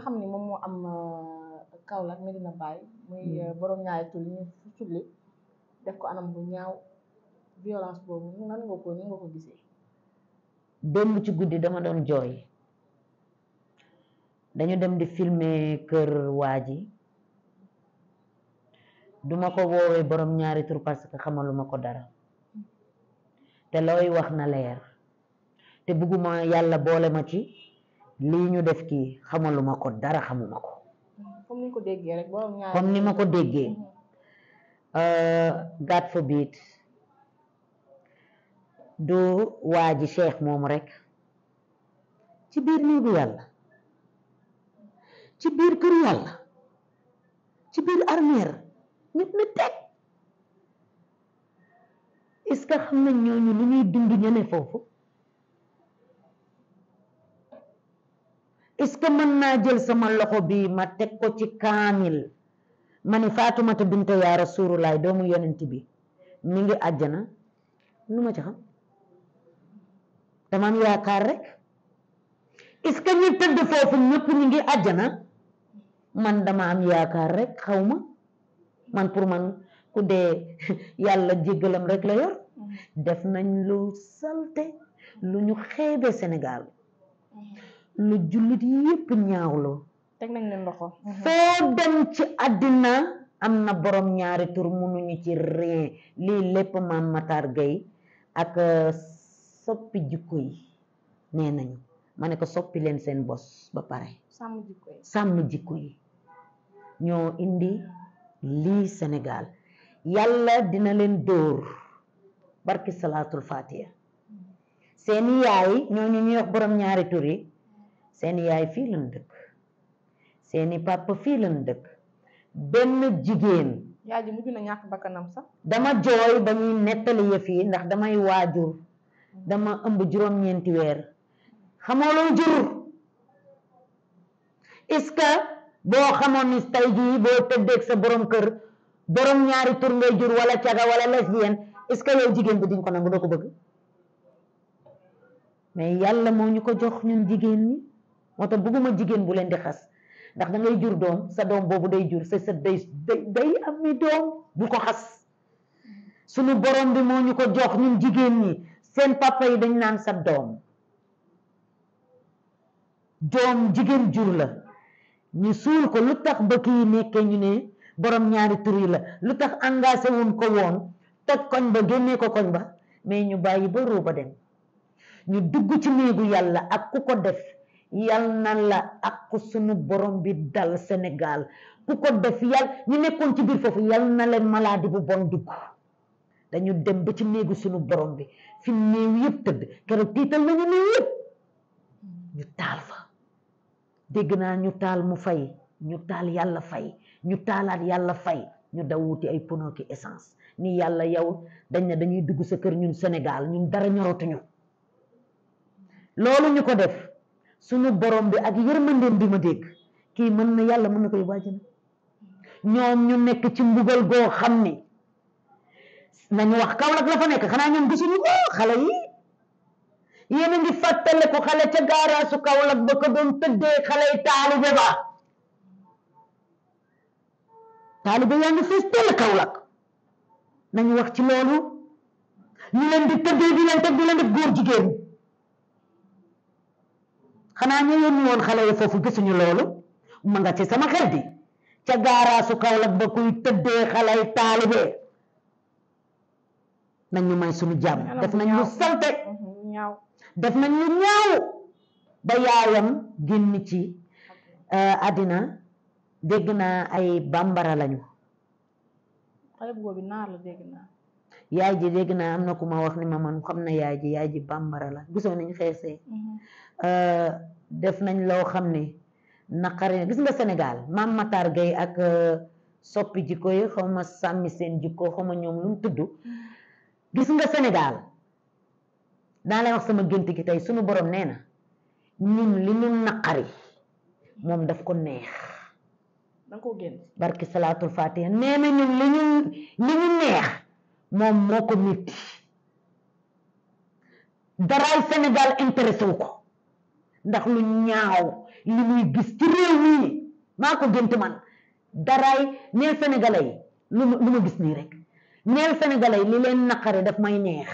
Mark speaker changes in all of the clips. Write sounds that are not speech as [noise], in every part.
Speaker 1: nga xam ni moom moo am euh, Kaolack Medina Baye muy mm. euh, borom ñaari tulli ñu tulli def ko anam bu ñaaw violence boobu nan nga ko nga ko gisee
Speaker 2: démb ci guddi dama doon jooy dañu dem di filmer kër waa ji duma ko woowee borom ñaari tur parce que xamaluma ko dara te looy wax na leer te bëgguma yàlla boole ma ci lii ñu def kii xamaluma ko dara xamuma ko.
Speaker 1: comme ni ko déggee rek ma ko déggee.
Speaker 2: Mm-hmm. Euh, God forbid du waa ji cheikh moom rekk ci biir néegu yàlla ci biir kër yàlla ci biir armeer ñëpp na teg est-ce que xam nañ ñooñu lu ñuy dund ñene foofu. est que mën naa jël sama loxo bi ma teg ko ci kaamil ma ni Faatumata binta yaa Rasulullaay doomu yonent bi mi ngi àjjana lu ma ci xam dama am yaakaar rek est-ce que ñi tëdd foofu ñëpp ñi ngi àjjana man dama am yaakaar rekk xaw ma man pour man ku dee [laughs] yàlla jéggalam rek la yor mm-hmm. def nañ lu salte lu ñu xeebee senegal mm-hmm. lu jullit yépp ñaawlu
Speaker 1: teg nañ leen loxo
Speaker 2: foo dem ci àddina am na boroom ñaari tur mënuñu ci rien lii lépp maam Matar Gueye ak euh, soppi jikko yi nee nañu ma ne ko soppi leen seen bos ba pare
Speaker 1: sàmm jikko
Speaker 2: yi ñoo indi lii Sénégal yàlla dina leen dóor barki salaatul fatiha seeni yaay ñooñu ñuy wax borom ñaari tur yi seen yaay fii lan dëkk seeni papa fii lan dëkk benn jigéen
Speaker 1: yaay ji bakkanam sax
Speaker 2: dama jooy ba ñuy nettali yëf yi ndax damay waajur dama ëmb juróom-ñeenti weer xamoo loo jur est-ce que boo xamoon ni tey jii boo tëddeeg sa borom kër borom ñaari tur ngay jur wala caga wala lesbienne est-ce que yow jigéen bi diñ ko nangu doo ko bëgg mais yàlla moo ñu ko jox ñun jigéen ñi moo tax bëgguma jigéen bu leen di xas ndax da jur doom sa doom boobu day jur sa sa day day am mi doom bu ko xas suñu borom bi moo ñu ko jox ñun jigéen ñi seen papa yi dañ naan sa doom doom jigéen jur la ñu suul ko lu tax mbëkk yi nekkee ñu ne borom ñaari tur yi la lu tax engagé wuñ ko woon toj koñ ba génnee ko koñ ba mais ñu bàyyi ba ruuba dem ñu dugg ci néegu yàlla ak ku ko def yal na la ak sunu borom bi dal Sénégal ku ko def yal ñu nekkoon ci biir foofu yal na leen maladie bu bon dugg dañu dem ba ci néegu sunu borom bi fi néew yëpp tëdd keroog tiital nañu néew yëpp ñu taal fa dégg naa ñu taal mu fay ñu taal yàlla fay ñu taalaat yàlla fay ñu daw wuti ay ponoki ki essence ni yàlla yow dañ dañuy dugg sa kër ñu Sénégal ñun dara ñorotuñu loolu ñu ko def suñu borom bi ak yërmandeem bi ma dégg kii mën na yàlla mën na ko yóbbu àjjana ñoom ñu nekk ci mbugal goo xam ni nañu wax Kaolack la fa nekk xanaa ñoom gisuñu ko xale yi yéen ngi fàttale ko xale ca gaaraasu Kaolack ba ko doon tëddee xale yi taalibe ba taalibe yaa ngi fees teel Kaolack wax ci loolu ñu leen di tëddee di leen teg di leen def góor jigéen xanaa ñu yónni woon xale yi foofu gisuñu loolu ma nga ci sama xel di ca gaaraasu Kaolack ba kuy tëddee xale yi taalibe may suñu jàmm def nañ ñu salte mhm, def nañ ñu ñaaw ba yaayam génn ci euh, àddina dégg naa ay bambara lañu
Speaker 1: xale naa
Speaker 2: yaay ji léegi naa am na ku ma wax ni ma man xam na yaay ji yaay ji bambara la gisoo nañ xeesee mhm. euh, def nañ loo xam ne naqari gis nga Sénégal maam Matar Gueye ak euh, soppi jikko yi xaw ma sàmmi seen jikko xaw ma ñoom lu mhm. wax sama gént gi tey sunu nee na li ñu naqari moom daf ko neex barki salaatul fatiha nee na ñun li ñu li ñu neex moom moo ko métti daraay Sénégal intéressé ko ndax lu ñaaw li muy gis ci réew mii maa ko gént man daraay neel sénégalais lu ma gis nii rek neel sénégalais yi li leen naqare daf may neex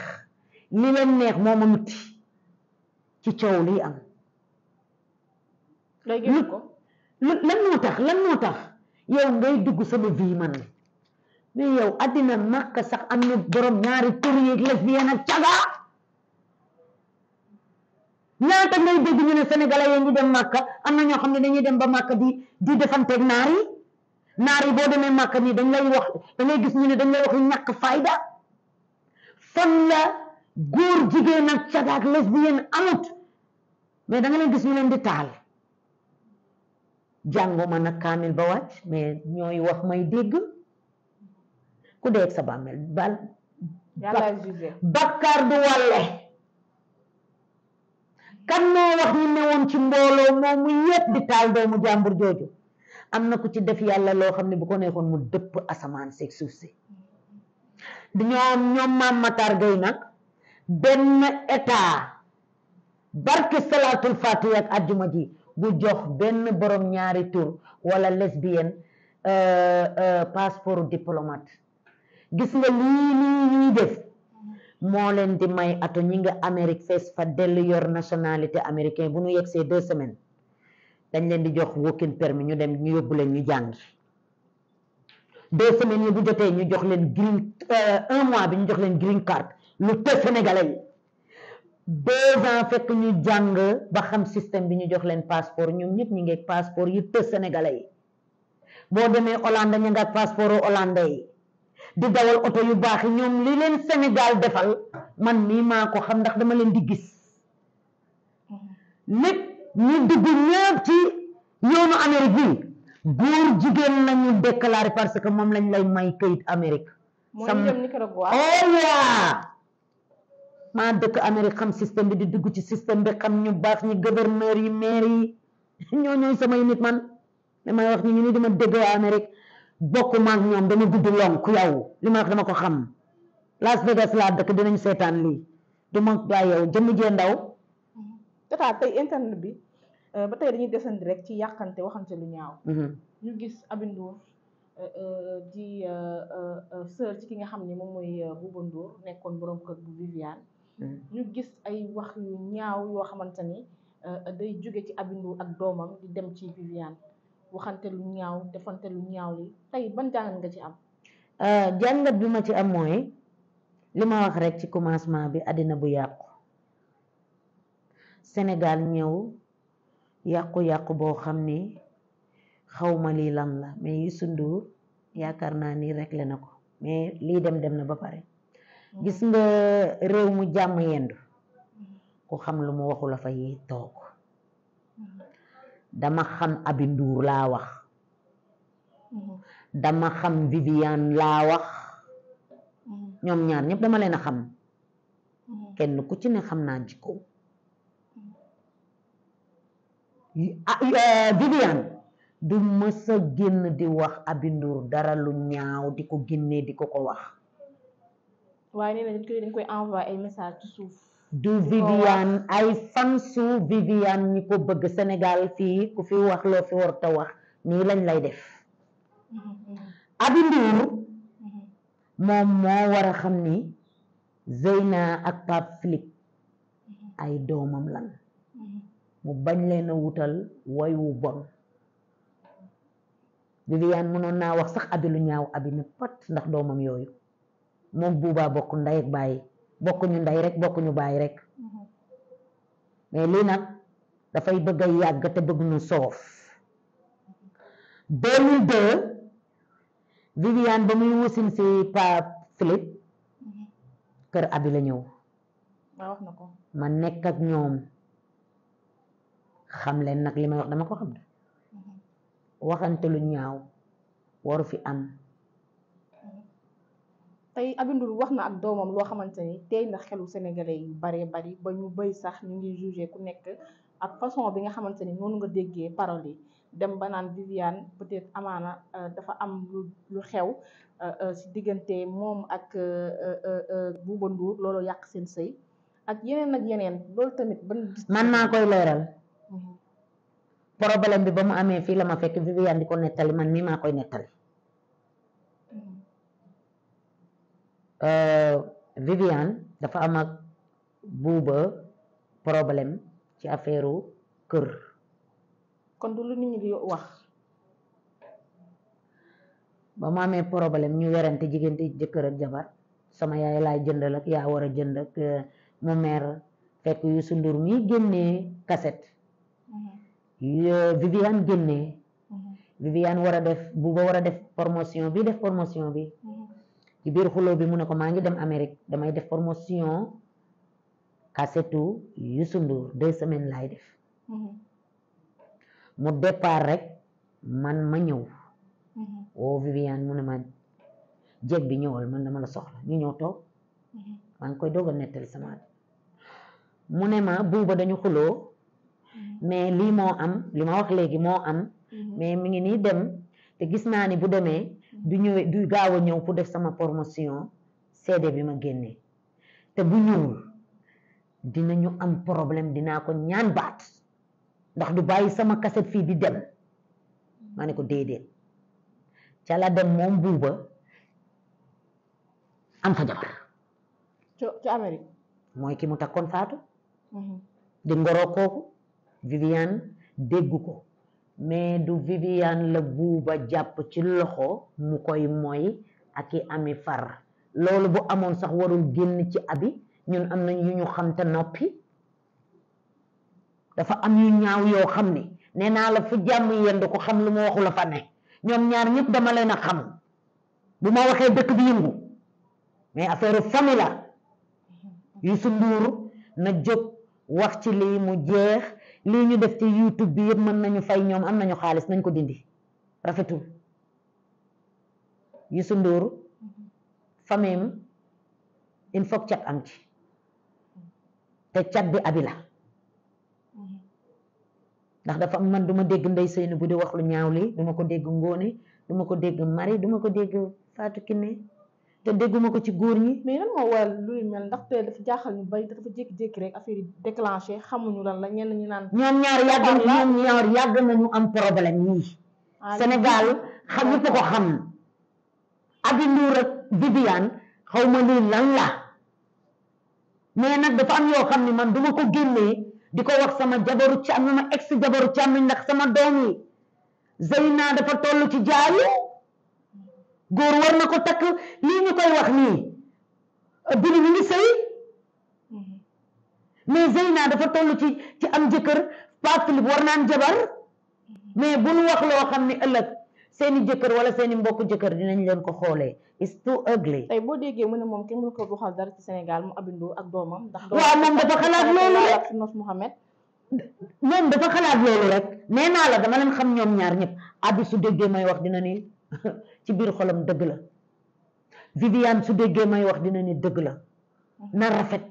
Speaker 2: li leen neex moo ma métti ci coow liy am lu lan moo tax lan moo tax yow ngay dugg sama vie man mais yow addina makka sax am na borom ñaari tur yi lesbienne ak caga ñaata ngay dégg ñu ne sénégalais yi ngi dem makka am na ñoo xam ne dañuy dem ba makka di di defanteeg naar yi naar yi boo demee makka nii dañ lay wax da ngay gis ñu ne dañ lay wax ñàkk fayda fan la góor jigéen ak caga ak lesbienne amut mais danga nga gis ñu leen di taal jànguma nag kaamil ba wàcc mais ñooy wax may dégg. ku dee sa bàmmeel bal bakkaar du wàlle kan moo wax ñu newoon ci mbooloo moomu yépp di taal doomu jàmbur jooju am na ku ci def yàlla loo xam ne bu ko neexoon mu dëpp asamaan seeg suuf si ñoom ñoom maam Matar Gueye nag benn état barke salaatul fatiha ak ajjuma ji bu jox benn boroom ñaari tur wala lesbienne euh, euh, passeport diplomate gis nga lii nii ñuy def moo leen di may ato ñi nga amerique fees fa dellu yor nationalité americain bu ñu yegsee deux semaines dañ leen di jox working permis ñu dem ñu yóbbu leen ñu jàngi deux semaines yi bu jotee ñu jox leen green euh, un mois bi ñu jox leen green card lu te sénégalais yi deux ans fekk ñu jàng ba xam système bi ñu jox leen passeport ñoom ñëpp ñu ngeeg passeport yu te sénégalais yi boo demee Hollande ñu nga passeport Hollande yi di dawal oto yu baax yi ñoom li leen Sénégal defal man mii maa ko xam ndax dama leen di gis lépp mm-hmm. ñu dugg ñëpp ci yoonu Amérique bi góor jigéen lañu déclaré parce que moom lañ lay may kayit Amérique sam
Speaker 1: oh yeah
Speaker 2: maa dëkk Amérique xam système bi di dugg ci système bi xam ñu baax ñi gouverneur yi maire yi [laughs] ñoo ñooy samay nit man damay wax ñu ñu ni dama dégg waa bokk ak ñoom dama gudd lonk yow li ma wax dama ko xam Las Vegas laa dëkk dinañ seetaan lii du gaa waaye jëmm jee ndaw mm-hmm.
Speaker 1: tata tey internet bi euh, ba tey dañuy desandi rek ci yàqante waxante lu ñaaw mm-hmm. ñu gis Aby Ndour euh, euh, di sœur ci ki nga xam ne moom mooy Bouba Ndour nekkoon borom kër bu Viviane mm-hmm. ñu gis ay wax yu ñaaw yoo xamante ni day jóge ci abindu ak doomam di dem ci Viviane waxante lu ñaaw defante lu ñaaw li tey ban jàngat nga ci am.
Speaker 2: Euh, jàngat bi ma ci am mooy li ma wax rekk ci commencement bi àddina bu yàqu Sénégal ñëw yàqu-yàqu boo xam ni xawma lii lan la mais Youssou Ndour yaakaar naa ni réglé na ko mais lii dem dem na ba pare mm. gis nga réew mu jàmm yendu ku xam lu mu waxu la fa yi toog dama xam Aby Ndour laa wax mm-hmm. dama xam Viviane laa wax mm-hmm. ñoom ñaar ñëpp dama leen a xam mm-hmm. kenn ku ci ne xam naa jikko ah, euh, Viviane du mësa génn di wax Aby Ndour dara lu ñaaw di ko génnee di ko ko wax
Speaker 1: waaye nee na dañ koy envoyé ay message ci suuf
Speaker 2: du oh, Viviane ay fansu Viviane ñi ko bëgg Sénégal fii ku fi wax loo fi war ta wax nii lañ lay def
Speaker 1: mm-hmm.
Speaker 2: Aby mm-hmm. moom moo war a xam ni Zeyna ak Pape Philippe mm-hmm. ay doomam lan mu bañ leen a wutal woy wu bon Viviane mënoon naa wax sax Aby ñaaw Aby ne pat ndax doomam yooyu moom buubaa bokk ndey ak bàyyi bokkuñu ndey rek bokkuñu baay rek mm-hmm. mais lii nag dafay bëgg a yàgg te bëgg nu soof 2002 Viviane ba muy wusin si Pape Philippe mm-hmm. kër abi ñëw ah, ma nekk ak ñoom xam leen nag li may wax dama ko xam ne
Speaker 1: mm-hmm.
Speaker 2: waxante lu ñaaw waru fi am
Speaker 1: tey Aby wax na ak doomam loo xamante ni tey na xelu sénégalais yu baree bari ba ñu bëy sax ñu ngi jugé ku nekk ak façon bi nga xamante ni noonu nga déggee parole yi dem ba naan Viviane peut-être amaana euh, dafa am lu xew ci euh, euh, diggante moom ak Bouba nduur loolu yàq seen sëy ak yeneen ak yeneen loolu tamit ban. man maa koy leeral. Mhm.
Speaker 2: problème bi ba mu amee fii la ma fekk Viviane di ko nettali man mii maa koy nettali. Euh, Viviane dafa am ak buuba problème ci affaire kër.
Speaker 1: kon du lu nit ñi wax.
Speaker 2: ba mu amee problème ñu werante jigéen di jëkkër ak jabar sama yaay laay jëndal ak yaa war a jënd ak euh, mu meer fekk Youssou Ndour mi génnee cassette.
Speaker 1: Mm-hmm.
Speaker 2: Viviane génnee. Mm-hmm. Viviane war a def buuba war a def promotion bi def promotion bi. Mm-hmm. ci biir xuloo bi mu ne ko maa ngi dem Amérique damay def promotion kasetu Youssou Ndour deux semaines laay def mm-hmm. mu départ rek man ma ñëw mm-hmm. woo Viviane mu ne ma jeeg bi ñëwal man dama la soxla ñu ñëw toog mm-hmm. maa ngi koy doog a nettali sama mu ne ma buuba dañu xuloo mais lii moo am li ma wax léegi moo am mais mi ngi nii dem te gis naa ni bu demee du ñëwee du gaaw a ñëw pour def sama promotion sedde bi ma génnee te bu ñëwul dinañu am problème dinaa ko ñaan baat ndax du bàyyi sama kaset fii di dem ma ne ko déedéet ca la dem moom buuba am fa jabar mooy ki mu takkoon faatu mhm. di ngoroo kooku Viviane dégg ko mais du Viviane la buuba jàpp ci loxo mu koy mooy ak i ami far loolu bu amoon sax warul génn ci abi ñun am nañ yu ñu xam te noppi dafa am yu ñaaw yoo xam ni nee naa la fu jàmm yendu ko xam lu ma waxu la fa ne ñoom ñaar ñëpp dama leen a xam bu ma waxee dëkk bi yëngu mais affaire famille la Youssou Ndour na jóg wax ci lii mu jeex lii ñu def ci YouTube bi yëpp mën nañu fay ñoom am nañu xaalis nañ ko dindi rafetul Youssou Ndour fameem il faut cat am ci te cat bi abi la ndax dafa man duma dégg ndey Seyni bu di wax lu ñaaw lii duma ko dégg Ngone duma ko dégg Marie duma ko dégg Fatou Kiné te dégguma ko ci góor ñi. mais lan moo waral luy mel ndaxte
Speaker 1: dafa jaaxal ñu bari dafa jékki-jékki rek affaire yi xamuñu lan la ñenn ñi naan. ñoom ñaar yàgg ñoom
Speaker 2: ñaar yàgg nañu am problème yii.
Speaker 1: Ah, Sénégal
Speaker 2: xam ñëpp ko xam. Aby Ndour ak Viviane xaw ma lii lan la mais nag dafa am yoo xam ne man duma ko génnee di ko wax sama jabaru am na ex jabaru càmm ndax sama doom yi Zeyna dafa toll ci jaayu. góor war na ko takk lii ñu koy wax nii bini mi ngi sëy mm-hmm. mais Zeyna dafa toll ci ci am jëkkër Pape Philippe war naan jabar mm-hmm. mais bu nu wax loo xam ne ëllëg seeni jëkkër wala seeni mbokk jëkkër dinañ leen ko xoolee it's too ugly
Speaker 1: tey boo déggee mu ne moom kenn mënu ko waxal dara ci Sénégal mu
Speaker 2: abindoo ak doomam ndax waaw moom dafa xalaat loolu rek nos Mouhamed moom dafa xalaat loolu rek nee naa la dama leen xam ñoom ñaar ñëpp abi déggee may dina [laughs] ci biir xolam dëgg la Viviane su déggee may wax dina ne dëgg la na rafet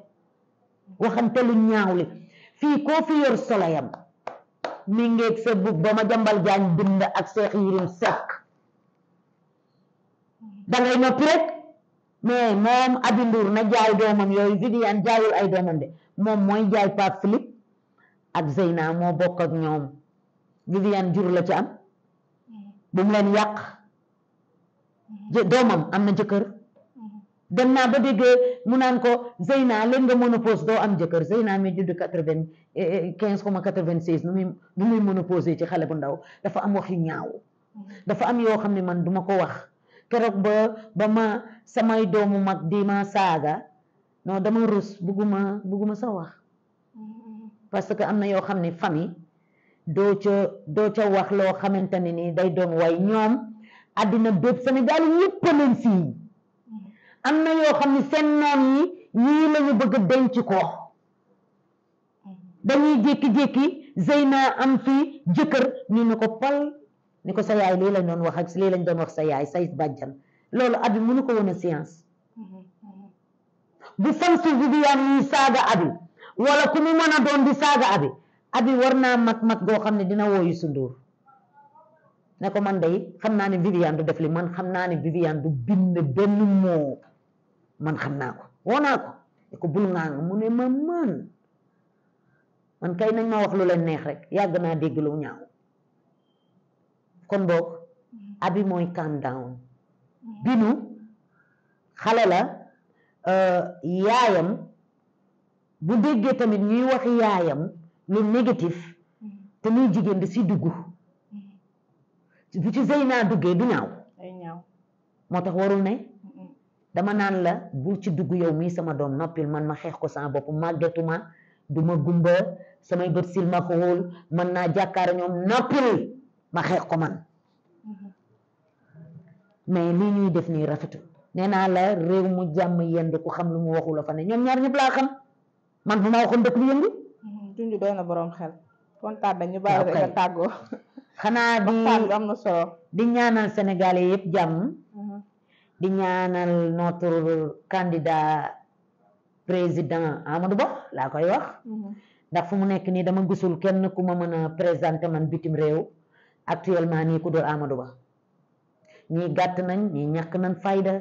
Speaker 2: waxante lu ñaaw li fii koo fi yor solayam mi ngeeg sa bub ba ma jambal jaan bind ak Seex Yirim Seck dangay noppi rek mais moom Aby Ndour na jaay doomam yooyu Viviane jaayul ay doomam de moom mooy jaay Pape Philippe ak Zeyna moo bokk ak ñoom Viviane jur la ci am mm. bu mu leen yàq doomam am na jëkkër dem naa ba dégg mu naan ko Zeyna leen nga ménopause doo am jëkkër Zeyna mi judd quatre vingt quinze comme quatre vingt seize nu muy mën a ménopause ci xale bu ndaw dafa am wax yu ñaaw dafa am yoo xam ne man duma ko wax keroog ba ba ma samay doomu mag di ma saaga non dama rus bugguma bugguma sa wax parce que am na yoo xam ne famille doo ca doo ca wax loo xamante ne ni day doom way ñoom àddina bépp Sénégal yëpp leen fii am na yoo xam ne seen noon yi ñii la ñu bëgg denc ko dañuy jékki-jékki Zeyna am fii jëkkër ñu ne ko pal nu ko sa yaay lii lañ doon wax ak lii lañ doon wax sa yaay say bàjjan lool abi mënu ko woon a science bu Samsu Viviane ñuy saaga abi wala ku mu a doon di saaga abi abi war naa mag mag goo xam ne dina wooyu sunduur ne ko man day xam naa ne Viviane def li man xam naa ne Viviane bind benn moo man xam naa ko woo naa ko ne ko bul ngaa nga mu ne ma man man kay nañ ma wax lu leen neex rek yàgg naa dégg lu ñaaw kon boog abi mooy calm down binu xale la euh, yaayam bu déggee tamit ñuy wax yaayam lu négatif te muy jigéen di si dugg bi ci Zeyna duggee du ñaaw moo tax warul ne dama naan la bul ci dugg yow mii sama doom noppil man ma xeex ko sama bopp màggetuma du ma gumba samay bët sil ma mën naa jàkkaar ñoom noppil ma xeex ko man
Speaker 1: mm-hmm.
Speaker 2: mais lii ñuy def nii rafetul nee naa la réew mu jàmm yendu ku xam lu mu waxula la fa ne ñoom ñaar ñëpp laa xam man bu ma waxoon dëkk bi yëngu. Mm-hmm. duñu doy na borom xel kontaan nañu. ñu bàyyi nga tàggoo. [laughs] xanaa di am na solo di ñaanal sénégalais yëpp jàmm uh-huh. di ñaanal notre candidat président Amadou Ba laa koy wax uh-huh. ndax fu mu nekk nii dama gisul kenn ku ma mën a présenter man bitim réew actuellement nii ku dul Amadou Ba ñii gàtt nañ ñii ñàkk nañ fayda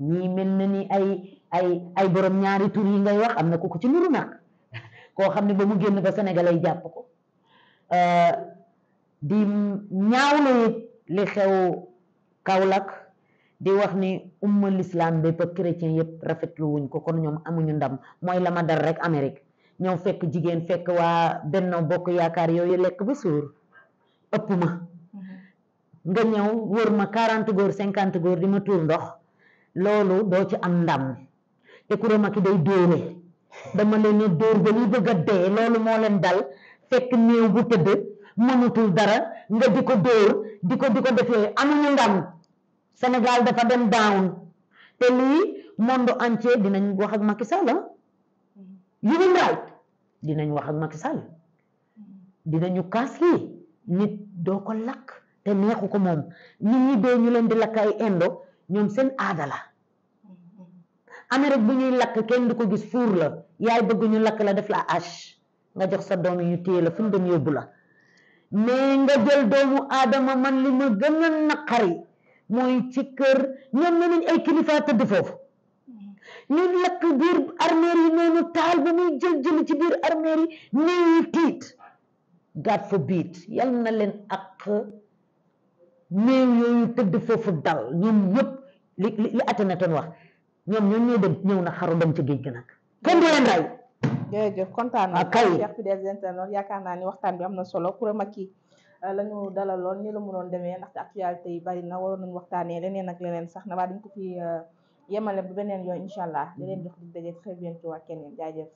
Speaker 2: ñii mel na ni ay ay ay borom ñaari tur yi ngay wax am na ku ko ci nuru nag [laughs] koo xam ne ba mu génn ba sénégalais yi jàpp ko euh, di ñaawlu it li xew Kaolack di wax ni umma lislaam bépp ak chrétien yëpp rafetlu wuñ ko kon ñoom amuñu ndam mooy la ma dal rek Amérique ñëw fekk jigéen fekk waa Benno Bokk Yaakaar yooyu lekk ba suur ëpp ma
Speaker 1: mm-hmm.
Speaker 2: nga ñëw wër ma quarante góor cinquante góor di ma tuur ndox loolu doo ci am ndam te kuréel ma ki day dóore dama leen dóor ba ñu bëgg a dee loolu moo leen dal fekk néew bu tëdd mënutul dara nga di ko dóor di ko di ko defee amuñu ndam Sénégal dafa dem down te lii monde entier dinañ wax ak Macky Sall ah. mm-hmm. human right dinañ wax ak Macky Sall mm-hmm. dinañu kaas lii nit doo ko lakk te neexu ko moom nit ñi dee ñu leen di lakk ay indo ñoom seen aadala la mm-hmm. bu ñuy lakk kenn du ko gis fuur la yaay bëgg ñu lakk la def la ash nga jox sa doom yi ñu téye la fu mu dem yóbbu la mais nga jël doomu aadama man li ma gën a naqari mooy ci kër ñoom ne ay kilifa tëdd foofu ñun lakk biir armeer yi noonu taal ba muy jël jël ci biir armeer yi néew yi tiit God forbid yal na leen ak néew yooyu tëdd foofu dal ñoom ñëpp li li li Akhenaton wax ñoom ñoom ñëw na xaru dem ci géej gi nag kenn du jërëjëf kontaan naa ah, kay Cheikh
Speaker 1: Fidèles internautes yaakaar naa ni waxtaan bi am na solo Coura Macky euh, la ñu dalaloon ni la mënoon demee ndaxte actualité yi bari na waroon nañu waxtaanee leneen ak leneen sax na waa dañ ko fi euh, yemale bu beneen yoon incha allah di leen jox di daje très bientôt ak keneen jaajëf